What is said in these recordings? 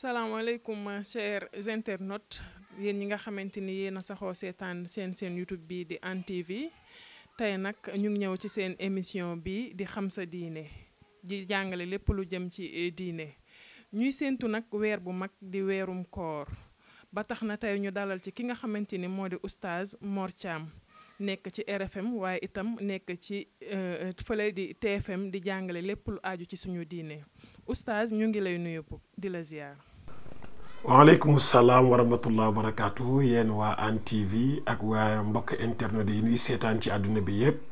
salaamaaleykum chers internautes yéen ñi nga xamante ni yéen a saxoo seetaan seen seen YouTube bi di Hann TV tey nag ñu ñëw ci seen émission bi di xam sa diine di jàngale lépp lu jëm ci eh, diine ñuy séentu nag weer bu mag di weerum koor ba tax na tey ñu dalal ci ki nga xamante ni moo di oustaz Mor nekk ci RFM waaye itam nekk ci euh, fële di TFM di jàngale lépp lu aaju ci suñu diine oustaz ñu ngi lay nuyu di la ziar. waaleykum salaam wa rahmatullah wa barakaatu waa Hann TV ak waa mbokk internet yi nuy seetaan ci àdduna bi yépp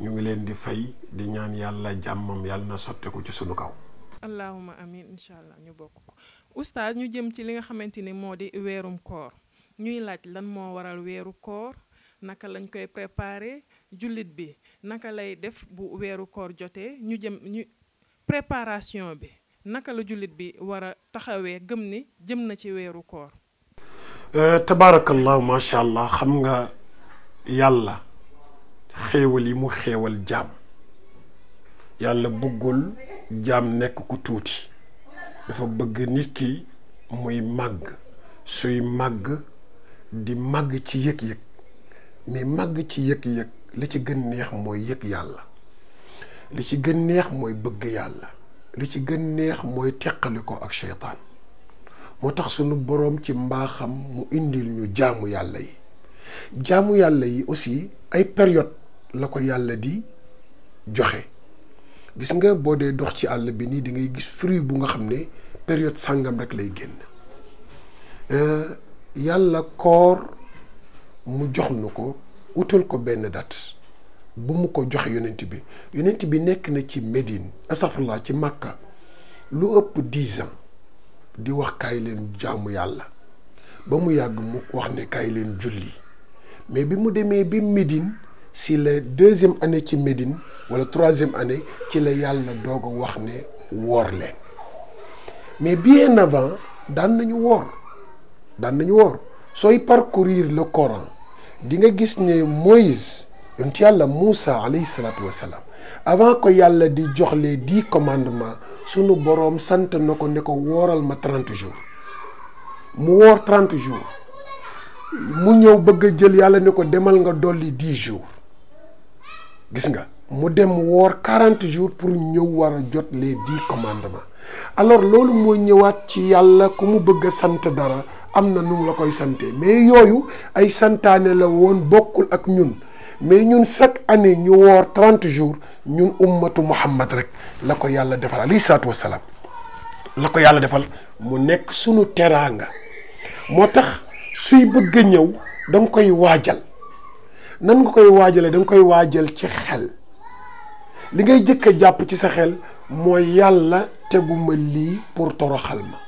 ñu ngi leen di fay di ñaan yàlla jàmmam yàlla na sotteeku ci suñu kaw. allahuma amin incha allah ñu bokk ko oustaz ñu jëm ci li nga xamante ni moo di weerum koor ñuy laaj lan moo waral weeru koor. naka lañ koy préparer jullit bi naka lay def bu weeru koor jotee ñu jëm ñu préparation bi naka la jullit bi war a taxawee gëm ni jëm na ci weeru koor. Euh, tabaarakallah macha allah xam nga yàlla xéewal yi mu xéewal jaam yàlla bëggul jaam nekk ku tuuti dafa bëgg nit ki muy màgg suy màgg di màgg ci yëg-yëg. mais màgg ci yëg-yëg li ci gën neex mooy yëg yàlla li ci gën neex mooy bëgg yàlla li ci gën neex mooy teqali ko ak seytaan moo tax sunu boroom ci mbaaxam mu indil ñu jaamu yàlla yi jaamu yàlla yi aussi ay période la ko yàlla di joxe gis nga boo dee dox ci àll bi nii di ngay gis fruit bu nga xam ne période sàngam rek lay génn euh, yàlla koor mu jox nu ko wutal ko benn date bu mu ko jox yonent bi yonent bi nekk na ci Médine astafurlah ci Makka lu ëpp dix ans di wax kaay leen jaamu yàlla ba mu yàgg mu wax ne kaay leen julli mais bi mu demee bi Médine si la deuxième année ci Médine wala troisième année ci la yàlla doog wax ne woor leen mais bien avant daan nañu woor daan nañu woor sooy parcourir la Coran. di nga gis ni Moïse yonentu yàlla Moussa alayhi salaatu avant que yàlla di jox les dix commandements sunu boroom sant na ko ne ko wooral ma trente jours mu woor trente jours mu ñëw bëgg a jël yàlla ne ko demal nga dolli dix jours gis nga. mu dem woor 40 jours pour ñëw war a jot les dix commandement alors loolu moo ñëwaat ci yàlla ku mu bëgg sant dara am na nu la koy sante mais yooyu ay santaane la woon bokkul ak ñun mais ñun chaque année ñu woor 30 jours ñun ummatu muhammad rek la ko yàlla defal alayhi salaatu wasalaam la ko yàlla defal mu nekk sunu teraanga moo tax suy bëgga ñëw da koy waajal nan nga koy waajale da nga koy waajal ci xel li ngay jëkk jàpp ci sa xel mooy yàlla teguma lii pour toroxal ma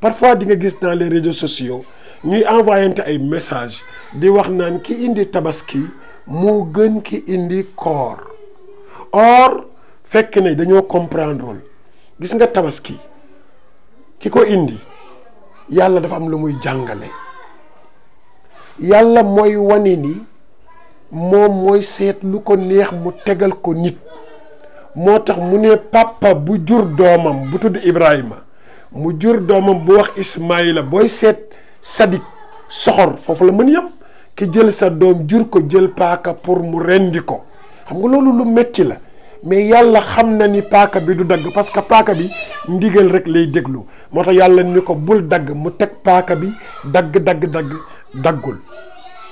parfois di nga gis naa les réseaux sociaux ñuy envoyante ay message di wax naan ki indi tabaski moo gën ki indi koor or fekk ne dañoo comprendrewul gis nga tabaski ki ko indi yàlla dafa am lu muy jàngale yàlla mooy wane moom mooy seet lu ko neex mu tegal ko nit moo tax mu ne papa bu jur doomam bu tudd Ibrahima mu jur doomam bu wax Ismaïla booy seet sadik soxor foofu la mën yam ki jël sa doom jur ko jël paaka pour mu rendi ko xam nga loolu lu metti la mais yàlla xam na ni paaka bi du dagg parce que paaka bi ndigal rek lay déglu moo tax yàlla ni ko bul dagg mu teg paaka bi dagg dagg dagg daggul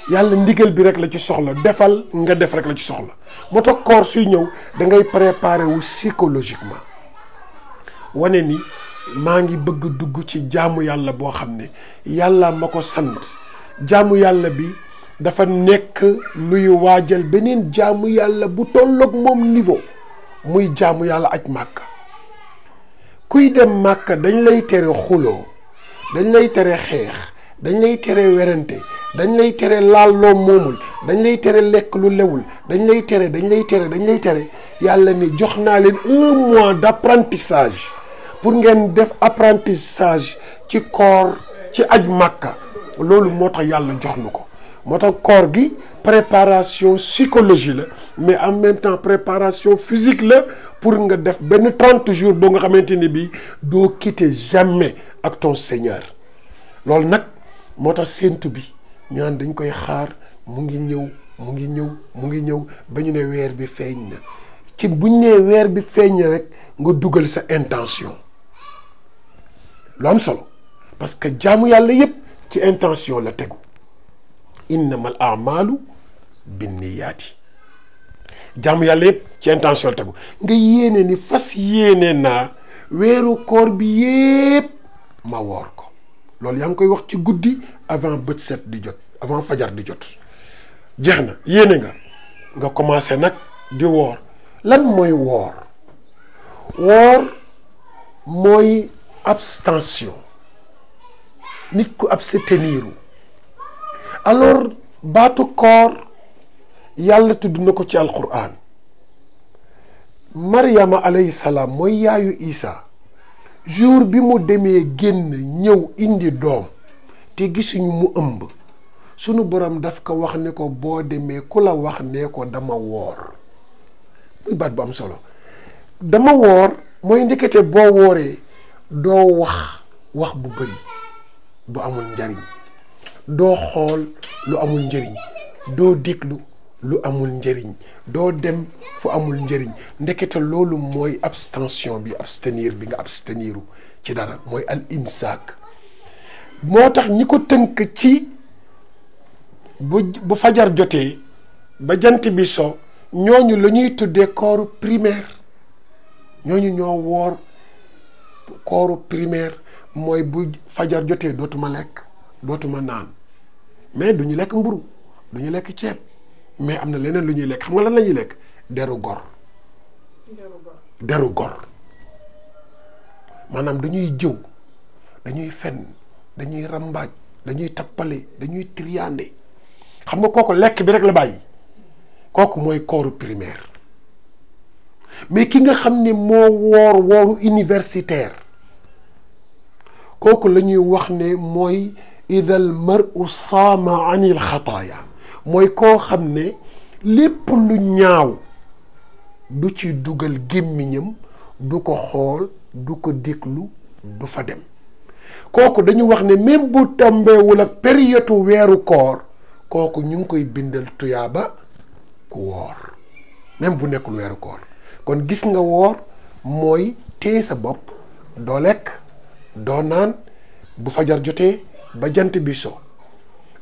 yàlla ndigal bi rek la ci soxla defal nga def rek la ci soxla moo tax koor suy ñëw dangay ngay wu psychologiquement wane ni maa ngi bëgg dugg ci jaamu yàlla boo xam ne yàlla ma ko sant jaamu yàlla bi dafa nekk luy waajal beneen jaamu yàlla bu tolloog moom niveau muy jaamu yàlla ak màkk kuy dem màkk dañ lay tere xuloo dañ lay tere xeex dañ lay téré werante dañ lay téré laal loo moomul dañ lay téré lekk lu lewul dañ lay téré dañ lay téré dañ lay téré mois d'apprentissage pour def apprentissage ci koor ci aj màkka loolu moo tax yàlla jox jour préparation psychologique mais en même temps préparation physique pour une def benn trente jours bon nga xamante ni bii jamais ak ton Seigneur moo tax séentu bi ñu dañ koy xaar mu ngi ñëw mu ngi ñëw mu ngi ñëw ba ñu ne weer bi feeñ na ci buñ nee weer bi feeñ rek nga dugal sa intention lu am solo parce que jaamu yàlla yépp ci intention la tegu innamal amalu binniyaati jaamu yàlla yépp ci intention la tegu nga yéene ni fas yéene naa weeru koor bi yépp ma woor ko ce yaa koy wax ci Goudi avant un set di jot avant fajar di jot jeex yene nga nga commencé que di wor lan moy wor wor moy abstention nit ku abstenir alors baatu kor yalla tudd ko ci alquran Maryama alayhi salam moy yaayu Isa. jour bi mu demee génn ñëw indi doom te gisuñu mu ëmb sunu borom daf ko wax ne ko boo demee ku la wax ne ko dama woor muy baat bu am solo dama woor mooy ndekete boo wooree doo wax wax bu bëri bu amul njariñ doo xool lu amul njariñ doo déglu lu amul njariñ doo dem fu amul njariñ ndekete loolu moy abstention bi abstenir bi nga absteniru ci dara moy al insak moo ñiko teunk ci bu fajar joté ba jant bi so ñoñu lañuy tuddé corps primaire ñoñu ño wor corps primaire moy bu fajar joté dotuma lek dotuma nan mais duñu lek mburu duñu lek ciép mais am na leneen lu ñuy lekk xam nga lan la ñuy lekk deru gor. deru gor maanaam dañuy jëw dañuy fen dañuy rambaaj dañuy tappale dañuy triande xam nga kooku lekk bi rek la bàyyi kooku mooy kooru primaire mais ki nga xam ni moo woor wooru universitaire kooku la ñuy wax ne mooy idal maru saama anil xataaya moy ko xam lepp lu ñaaw du ci hall, gemmiñam du ko xol du ko deklu du fa dem koku dañu wax ne même bu tombeewul wala période wéru koor koku ñu ngi koy bindal tuyaaba ku wor même bu nekkul wéru koor kon gis nga wor moy té sa bop do lek do nan bu fajar joté ba jant bi so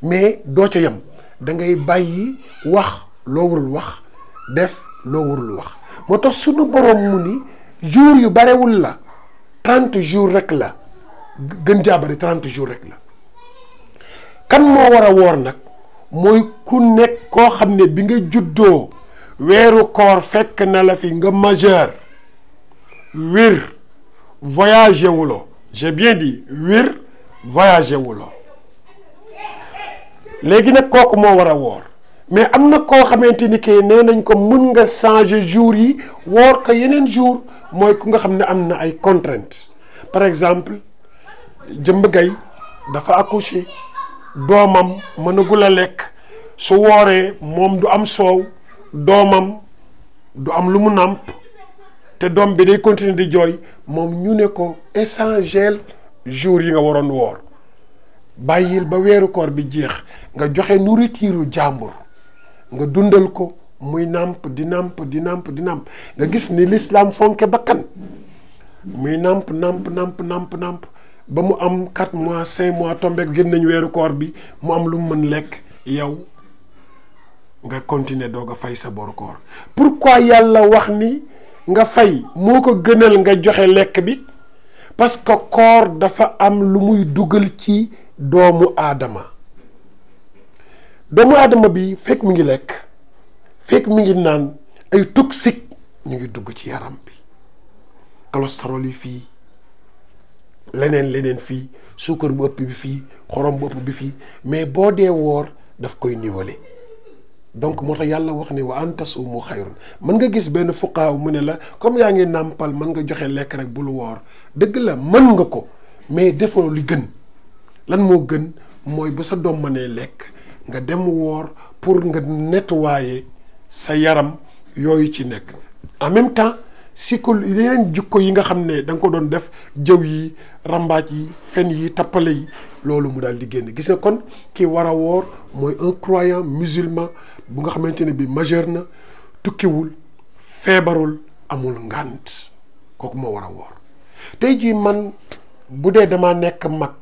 mais do ca yam da ngay bàyyi wax loo warul wax def loo warul wax moo tax sunu borom mu ni jour yu barewul la trente jours rek la gën jaa bari jour rek la kan moo war a woor nag mooy ku nekk koo xam ne bi nga juddoo weeru koor fekk na la fi nga majeur wir voyagé wulo j'ai bien dit wir voyagé wuloo léegi nag kooku moo war a woor mais am na koo xamante ni kay nee nañ ko mun nga changer jour yi woor ko yeneen jour mooy ku nga xam ne am na ay contraintes par exemple jëmb gay dafa accouché doomam mënagul a lekk su wooree moom du am soow doomam du am lu mu nàmp te doom bi day continuer di jooy moom ñu ne ko échangel jour yi nga waroon woor bàyyil ba weeru koor bi jeex nga joxe nourriture jàmbur nga dundal ko muy nàmp di nàmp di nàmp di nàmp nga gis ni lislaam fonke bakkan muy nàmp nàmp nàmp nàmp nàmp ba mu am 4 mois 5 mois tombé génn nañ weeru koor bi mu am lu mu mën lekk yow nga continuer doog a fay sa bor pourquoi yàlla wax ni nga fay moo ko gënal nga joxe lekk bi parce que koor dafa am lu muy dugal ci doomu aadama doomu aadama bi fekk mu ngi lekk fekk mu ngi naan ay toxique ñu ngi dugg ci yaram bi cholestérol yi fii leneen leneen fii suukar bu ëpp bi fii xorom bu bi fii mais boo dee woor daf koy niwale donc moo tax yàlla wax ni wa an mu xayru mën nga gis benn fuqaaw mu ne la comme yaa ngi nàmpal mën nga joxe lekk rek bul woor dëgg la mën nga ko mais defoo li gën lan mo gën moy bu sa dom mané lek nga dem wor pour nga nettoyer sa yaram yoy ci nek en même temps sikko yeen jukko yi nga xamné dang ko don def jëw yi rambaaj yi fen yi tapale yi loolu mu dal di génn gis nga kon ki war wor moy un croyant musulman bu nga xamanteni bi majeur na wul febarul amul ngant kok mo war wor tay ji man budé dama nek mak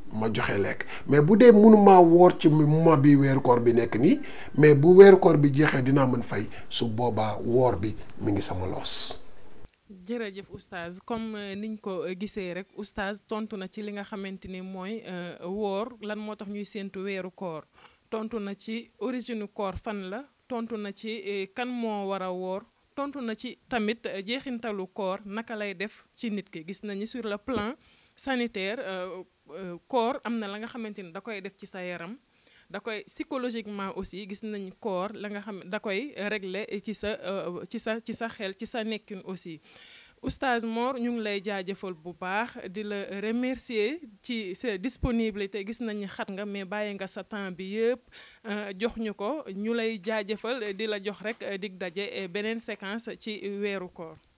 ma joxe lek mais bu dee mënuma wor ci moment bi weeru koor bi nek ni mais bu weeru koor bi jeexee dina mën fay su boba wor bi mi ngi sama loos jërëjëf oustaz comme euh, niñ ko euh, gisee rek oustaz tontu na ci li nga xamanteni moy euh, wor lan motax ñuy sentu weeru koor tontu na ci origine koor fan la tontu na ci kan mo war wor tontu na ci tamit jeexintalu koor naka lay def ci nit ki gis nañu sur le plan sanitaire koor euh, am na la nga xamante ni da koy def ci sa yaram da koy psychologiquement aussi gis nañ koor la nga xam da koy régler ci sa euh, ci sa ci sa xel ci sa nekkin aussi oustaz Mor ñu ngi lay jaajëfal bu baax di la remercier ci sa te gis nañu xat nga mais bàyyi nga sa temps bi yëpp euh, jox ñu ko ñu lay jaajëfal di la jox rek dig daje beneen séquence ci weeru koor